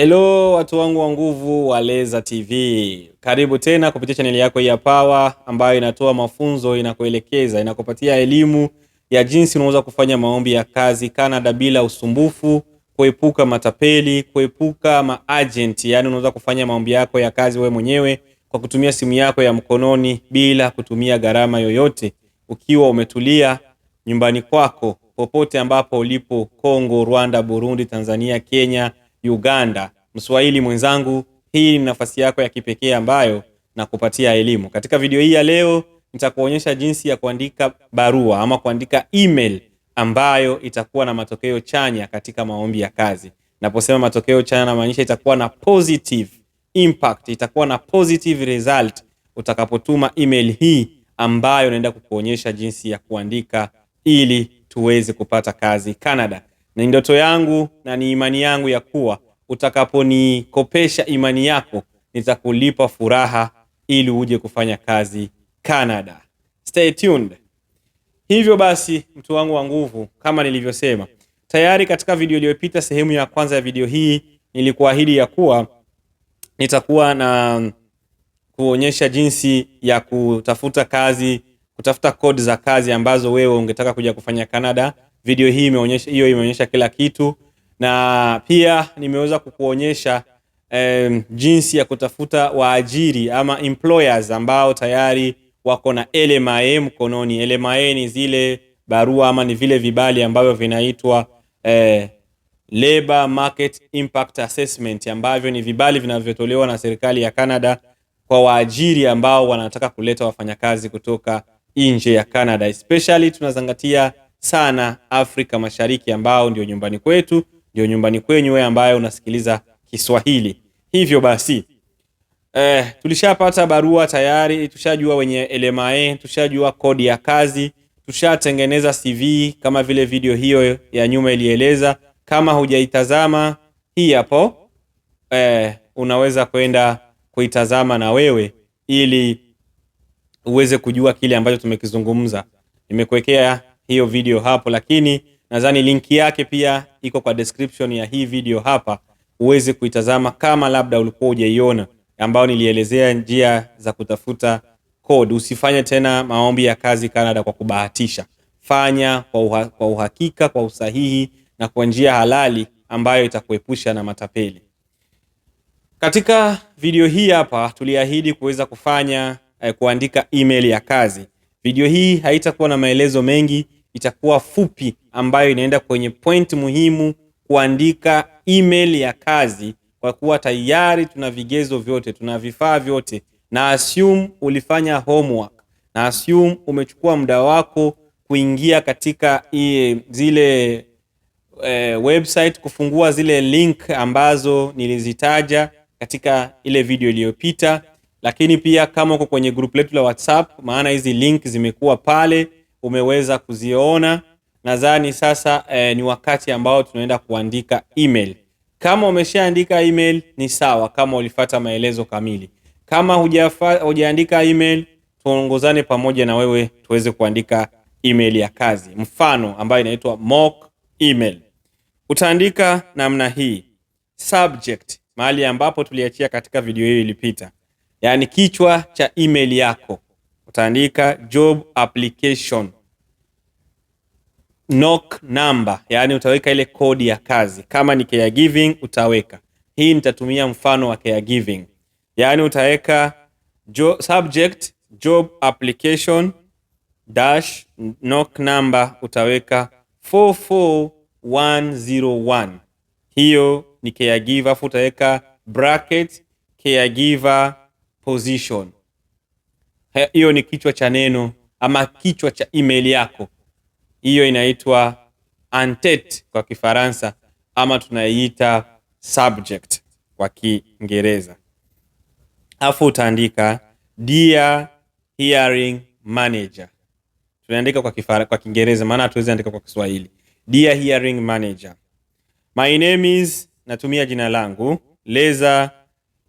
Hello watu wangu wa nguvu wa Leza TV, karibu tena kupitia chaneli yako ya Power ambayo inatoa mafunzo, inakuelekeza, inakupatia elimu ya jinsi unaweza kufanya maombi ya kazi Canada bila usumbufu, kuepuka matapeli, kuepuka maagent. Yani unaweza kufanya maombi yako ya kazi wewe mwenyewe kwa kutumia simu yako ya mkononi bila kutumia gharama yoyote, ukiwa umetulia nyumbani kwako, popote ambapo ulipo, Kongo, Rwanda, Burundi, Tanzania, Kenya Uganda. Mswahili mwenzangu, hii ni nafasi yako ya kipekee ambayo na kupatia elimu. Katika video hii ya leo nitakuonyesha jinsi ya kuandika barua ama kuandika email ambayo itakuwa na matokeo chanya katika maombi ya kazi. Naposema matokeo chanya, namaanisha itakuwa na positive impact, itakuwa na positive result utakapotuma email hii ambayo naenda kukuonyesha jinsi ya kuandika ili tuweze kupata kazi Canada. Ni ndoto yangu na ni imani yangu ya kuwa utakaponikopesha imani yako nitakulipa furaha ili uje kufanya kazi Canada. Stay tuned. Hivyo basi, mtu wangu wa nguvu, kama nilivyosema tayari katika video iliyopita, sehemu ya kwanza ya video hii, nilikuahidi ya kuwa nitakuwa na kuonyesha jinsi ya kutafuta kazi, kutafuta kodi za kazi ambazo wewe ungetaka kuja kufanya Canada video hii imeonyesha hiyo imeonyesha kila kitu, na pia nimeweza kukuonyesha um, jinsi ya kutafuta waajiri ama employers ambao tayari wako na LMA mkononi. LMA ni zile barua ama ni vile vibali ambavyo vinaitwa eh, Labor Market Impact Assessment ambavyo ni vibali vinavyotolewa na serikali ya Canada kwa waajiri ambao wanataka kuleta wafanyakazi kutoka nje ya Canada, especially tunazingatia sana Afrika Mashariki, ambao ndio nyumbani kwetu, ndio nyumbani kwenyu wewe ambaye unasikiliza Kiswahili. Hivyo basi eh, tulishapata barua tayari, tushajua wenye LMAE, tushajua kodi ya kazi, tushatengeneza CV kama vile video hiyo ya nyuma ilieleza. Kama hujaitazama hii hapo, eh, unaweza kwenda kuitazama na wewe ili uweze kujua kile ambacho tumekizungumza. Nimekuwekea hiyo video hapo, lakini nadhani linki yake pia iko kwa description ya hii video hapa, uweze kuitazama kama labda ulikuwa hujaiona, ambayo nilielezea njia za kutafuta code. Usifanye tena maombi ya kazi Canada kwa kubahatisha, fanya kwa, uha, kwa uhakika, kwa usahihi na kwa njia halali ambayo itakuepusha na matapeli. Katika video hii hapa tuliahidi kuweza kufanya eh, kuandika email ya kazi. Video hii haitakuwa na maelezo mengi itakuwa fupi, ambayo inaenda kwenye point muhimu, kuandika email ya kazi, kwa kuwa tayari tuna vigezo vyote, tuna vifaa vyote, na assume ulifanya homework, na assume umechukua muda wako kuingia katika iye, zile e, website kufungua zile link ambazo nilizitaja katika ile video iliyopita, lakini pia kama uko kwenye group letu la WhatsApp, maana hizi link zimekuwa pale umeweza kuziona. Nadhani sasa eh, ni wakati ambao tunaenda kuandika email. Kama umeshaandika email ni sawa, kama ulifata maelezo kamili. Kama hujaandika email, tuongozane pamoja na wewe tuweze kuandika email ya kazi, mfano ambayo inaitwa mock email. Utaandika namna hii: subject, mahali ambapo tuliachia katika video hiyo ilipita, yaani kichwa cha email yako utaandika job application knock number, yani utaweka ile kodi ya kazi. Kama ni caregiving utaweka hii, nitatumia mfano wa caregiving, yani utaweka jo, subject job application dash knock number utaweka 44101. Hiyo ni caregiver, afu utaweka bracket caregiver position hiyo ni kichwa cha neno ama kichwa cha email yako, hiyo inaitwa en kwa Kifaransa ama tunaiita subject kwa Kiingereza. Afu utaandika dear hearing manager, tunaandika kwa kifara, kwa Kiingereza maana hatuwezi andika kwa Kiswahili. Dear hearing manager, my name is, natumia jina langu Leza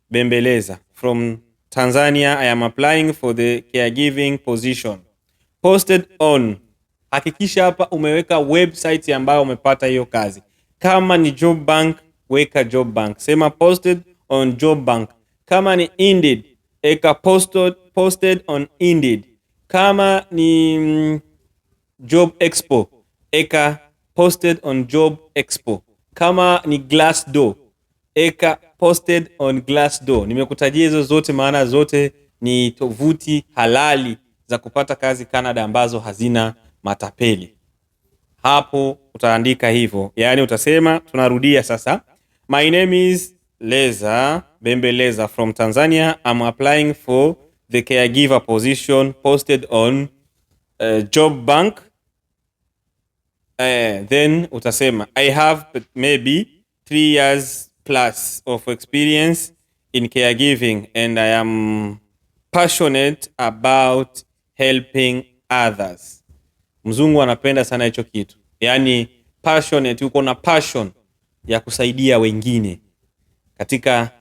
Bembeleza from Tanzania, I am applying for the caregiving position. Posted on. Hakikisha hapa umeweka website ambayo umepata hiyo kazi. Kama ni Job Bank, weka Job Bank. Sema posted on Job Bank. Kama ni Indeed, eka posted, posted on Indeed. Kama ni mm, Job Expo, eka posted on Job Expo. Kama ni Glassdoor, eka posted on Glassdoor. Nimekutajia hizo zote, maana zote ni tovuti halali za kupata kazi Canada ambazo hazina matapeli. Hapo utaandika hivyo, yaani utasema, tunarudia sasa. My name is Leza Bembe Leza from Tanzania. I'm applying for the caregiver position posted on uh, job bank. Uh, then utasema I have maybe three years plus of experience in caregiving and I am passionate about helping others. Mzungu anapenda sana hicho kitu, yaani passionate, uko na passion ya kusaidia wengine katika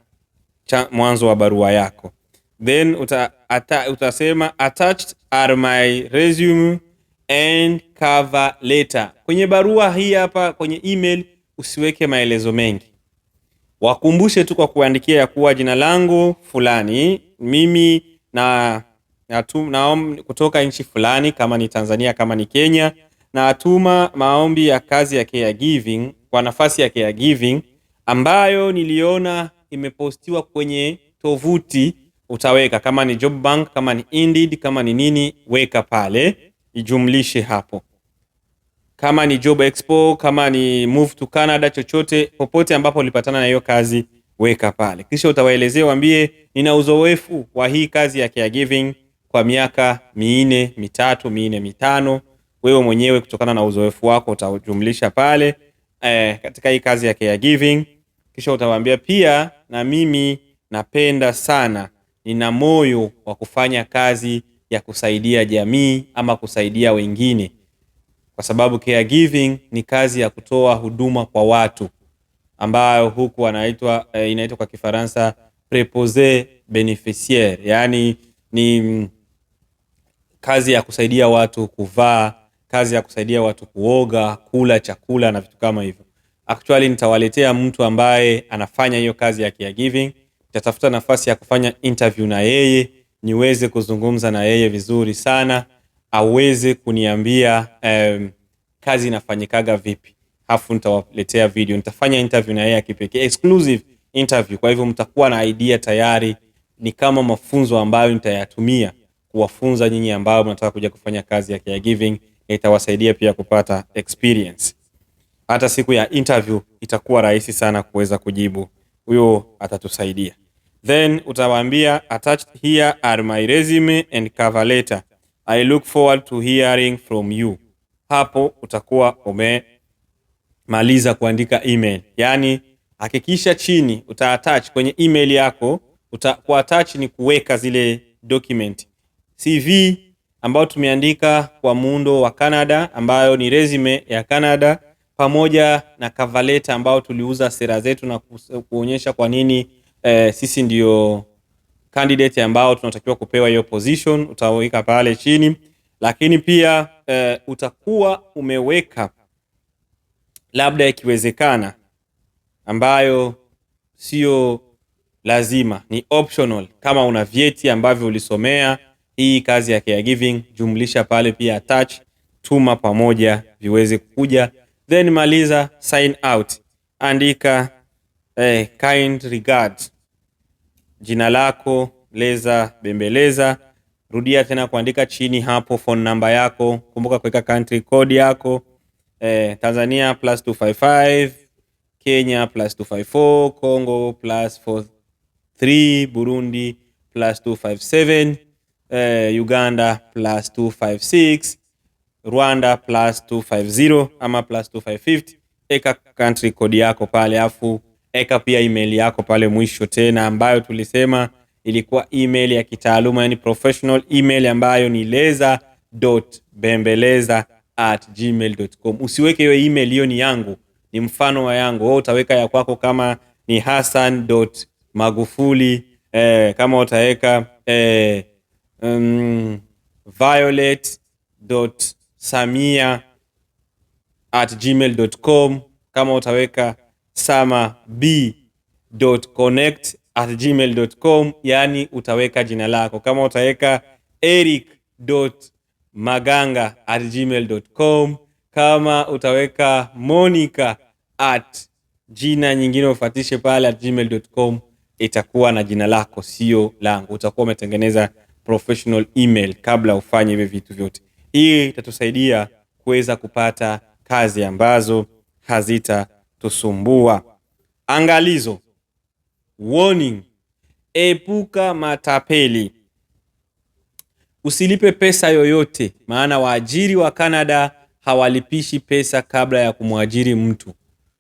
mwanzo wa barua yako, then uta, ata, utasema attached are my resume and cover letter. Kwenye barua hii hapa kwenye email usiweke maelezo mengi Wakumbushe tu kwa kuandikia ya kuwa jina langu fulani, mimi na, na, na kutoka nchi fulani, kama ni Tanzania, kama ni Kenya, na atuma maombi ya kazi ya caregiving kwa nafasi ya caregiving ambayo niliona imepostiwa kwenye tovuti. Utaweka kama ni Job Bank, kama ni Indeed, kama ni nini, weka pale, ijumlishe hapo kama ni Job Expo, kama ni Move to Canada, chochote popote ambapo ulipatana na hiyo kazi weka pale, kisha utawaelezea waambie, nina uzoefu wa hii kazi ya caregiving kwa miaka minne mitatu minne mitano. Wewe mwenyewe kutokana na uzoefu wako utajumlisha pale eh, katika hii kazi ya caregiving. Kisha utawaambia pia, na mimi napenda sana, nina moyo wa kufanya kazi ya kusaidia jamii ama kusaidia wengine kwa sababu caregiving ni kazi ya kutoa huduma kwa watu ambayo huku anaitwa eh, inaitwa kwa Kifaransa prepose beneficiaire, yaani ni mm, kazi ya kusaidia watu kuvaa, kazi ya kusaidia watu kuoga, kula chakula na vitu kama hivyo. Actually nitawaletea mtu ambaye anafanya hiyo kazi ya caregiving. Nitatafuta nafasi ya kufanya interview na yeye niweze kuzungumza na yeye vizuri sana aweze kuniambia um, kazi inafanyikaga vipi, hafu nitawaletea video, nitafanya interview na yeye ya kipekee, exclusive interview. Kwa hivyo mtakuwa na idea tayari, ni kama mafunzo ambayo nitayatumia kuwafunza nyinyi ambao mnataka kuja kufanya kazi ya caregiving, na itawasaidia pia kupata experience. Hata siku ya interview itakuwa rahisi sana kuweza kujibu, huyo atatusaidia. Then utawaambia attached here are my resume and cover letter I look forward to hearing from you. Hapo utakuwa umemaliza kuandika email, yaani hakikisha chini utaattach kwenye email yako. Ku attach ni kuweka zile document CV ambayo tumeandika kwa muundo wa Canada, ambayo ni resume ya Canada pamoja na cover letter ambayo tuliuza sera zetu na kuonyesha kwa nini eh, sisi ndio candidate ambao tunatakiwa kupewa hiyo position, utaweka pale chini, lakini pia e, utakuwa umeweka labda ikiwezekana, ambayo sio lazima, ni optional, kama una vyeti ambavyo ulisomea hii kazi ya caregiving, jumlisha pale pia, attach, tuma pamoja viweze kuja, then maliza, sign out, andika eh, kind regards jina lako, leza bembeleza, rudia tena kuandika chini hapo phone namba yako, kumbuka kuweka country code yako eh, Tanzania plus 255, Kenya plus 254, Congo plus 43, Burundi plus 257, eh, Uganda plus 256, Rwanda plus 250 ama plus 250. Eka country code yako pale afu eka pia email yako pale mwisho tena, ambayo tulisema ilikuwa email ya kitaaluma, yani professional email ambayo ni leza.bembeleza@gmail.com. Usiweke hiyo email, hiyo ni yangu, ni mfano wa yangu. Wewe utaweka ya kwako kama ni hasan.magufuli eh, kama utaweka eh, um, violet.samia@gmail.com kama utaweka sama b connect at gmail com, yani utaweka jina lako. Kama utaweka eric maganga at gmail com, kama utaweka monica at jina nyingine ufatishe pale at gmail com, itakuwa na jina lako, sio langu. Utakuwa umetengeneza professional email kabla ufanye hivi vitu vyote. Hii itatusaidia kuweza kupata kazi ambazo hazita kutusumbua. Angalizo, warning, epuka matapeli. Usilipe pesa yoyote, maana waajiri wa Canada hawalipishi pesa kabla ya kumwajiri mtu.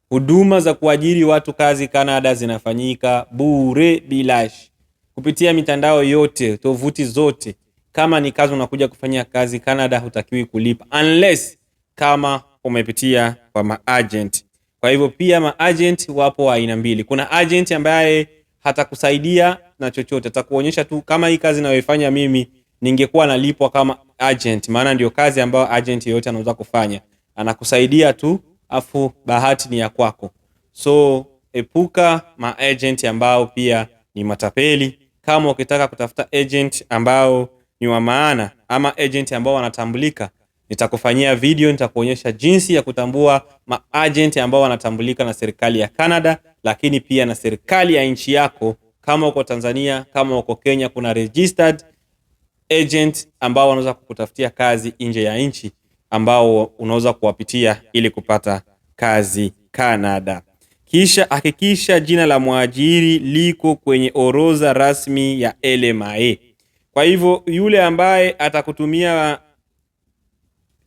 Huduma za kuajiri watu kazi Canada zinafanyika bure bilashi kupitia mitandao yote, tovuti zote. Kama ni kazi unakuja kufanya kazi Canada, hutakiwi kulipa unless kama umepitia kwa maagent. Kwa hivyo pia maagent wapo wa aina mbili. Kuna agent ambaye hatakusaidia na chochote, atakuonyesha tu kama hii kazi ninayoifanya mimi ningekuwa nalipwa kama agent, maana ndio kazi ambayo agent yeyote anaweza kufanya, anakusaidia tu, afu bahati ni ya kwako. So epuka maagent ambao pia ni matapeli. Kama ukitaka kutafuta agent ambao ni wa maana ama agent ambao wanatambulika, Nitakufanyia video, nitakuonyesha jinsi ya kutambua maajenti ambao wanatambulika na serikali ya Canada, lakini pia na serikali ya nchi yako. Kama uko Tanzania, kama uko Kenya, kuna registered agent ambao wanaweza kukutafutia kazi nje ya nchi, ambao unaweza kuwapitia ili kupata kazi Canada. Kisha hakikisha jina la mwajiri liko kwenye orodha rasmi ya LMIA. Kwa hivyo yule ambaye atakutumia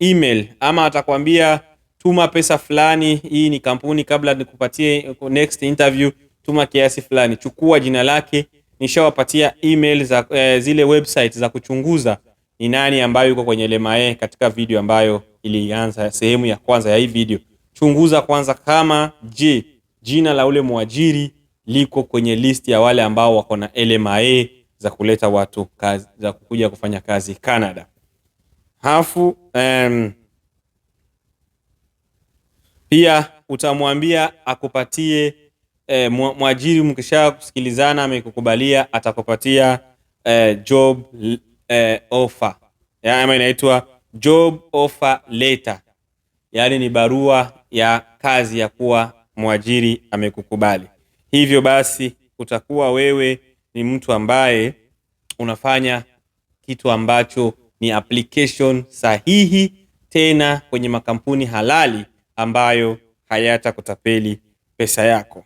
email ama atakwambia tuma pesa fulani, hii ni kampuni, kabla nikupatie next interview, tuma kiasi fulani, chukua jina lake. Nishawapatia email za e, zile website za kuchunguza ni nani ambayo yuko kwenye Lemae katika video ambayo ilianza sehemu ya kwanza ya hii video. Chunguza kwanza kama je, jina la ule mwajiri liko kwenye list ya wale ambao wako na LMA e za kuleta watu kazi, za kukuja kufanya kazi Canada. Hafu um, pia utamwambia akupatie e, mwajiri. Mkisha kusikilizana amekukubalia, atakupatia e, job e, offer ya, ama inaitwa job offer letter, yaani ni barua ya kazi ya kuwa mwajiri amekukubali. Hivyo basi utakuwa wewe ni mtu ambaye unafanya kitu ambacho ni application sahihi, tena kwenye makampuni halali ambayo hayatakutapeli pesa yako.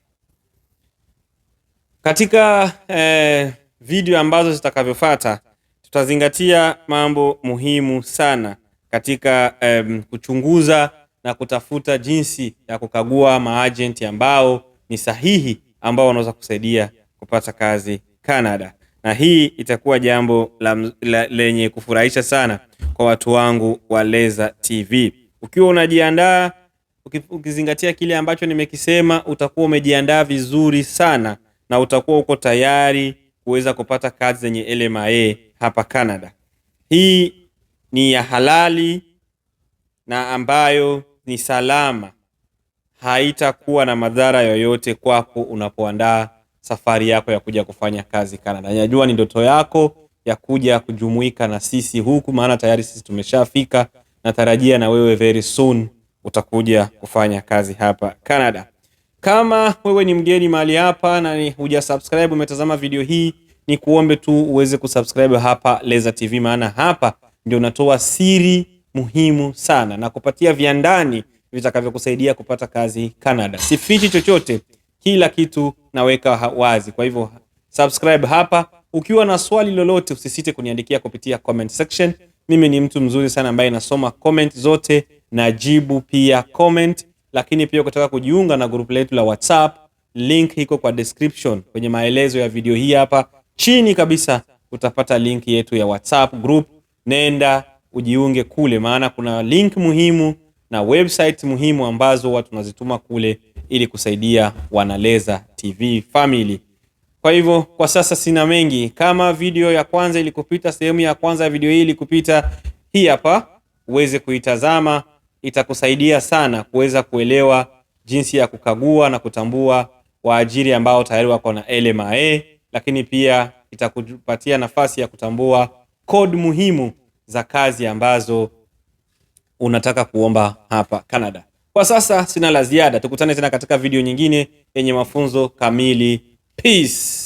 Katika eh, video ambazo zitakavyofuata tutazingatia mambo muhimu sana katika eh, kuchunguza na kutafuta jinsi ya kukagua maajenti ambao ni sahihi ambao wanaweza kusaidia kupata kazi Canada na hii itakuwa jambo la, la, lenye kufurahisha sana kwa watu wangu wa Leza TV. Ukiwa unajiandaa ukizingatia kile ambacho nimekisema, utakuwa umejiandaa vizuri sana na utakuwa uko tayari kuweza kupata kazi zenye LMA hapa Canada. Hii ni ya halali na ambayo ni salama, haitakuwa na madhara yoyote kwako unapoandaa safari yako ya kuja kufanya kazi Canada. Najua ni ndoto yako ya kuja kujumuika na sisi huku, maana tayari sisi tumeshafika. Natarajia na wewe very soon utakuja kufanya kazi hapa Canada. Kama wewe ni mgeni mahali hapa na huja subscribe, umetazama video hii, ni kuombe tu uweze kusubscribe hapa Leza TV, maana hapa ndio natoa siri muhimu sana na kupatia viandani vitakavyokusaidia kupata kazi Canada. Sifichi chochote, kila kitu naweka wazi. Kwa hivyo subscribe hapa. Ukiwa na swali lolote, usisite kuniandikia kupitia comment section. Mimi ni mtu mzuri sana ambaye nasoma comment zote, najibu pia comment. Lakini pia ukitaka kujiunga na grupu letu la WhatsApp, link iko kwa description kwenye maelezo ya video hii hapa chini kabisa, utapata link yetu ya WhatsApp group. Nenda ujiunge kule, maana kuna link muhimu na website muhimu ambazo watu tunazituma kule ili kusaidia Wanaleza TV family. Kwa hivyo kwa sasa sina mengi. Kama video ya kwanza ilikupita, sehemu ya kwanza ya video hii ilikupita, hii hapa uweze kuitazama, itakusaidia sana kuweza kuelewa jinsi ya kukagua na kutambua waajiri ambao tayari wako na LMIA, lakini pia itakupatia nafasi ya kutambua kodi muhimu za kazi ambazo unataka kuomba hapa Canada. Kwa sasa sina la ziada, tukutane tena katika video nyingine yenye mafunzo kamili. Peace.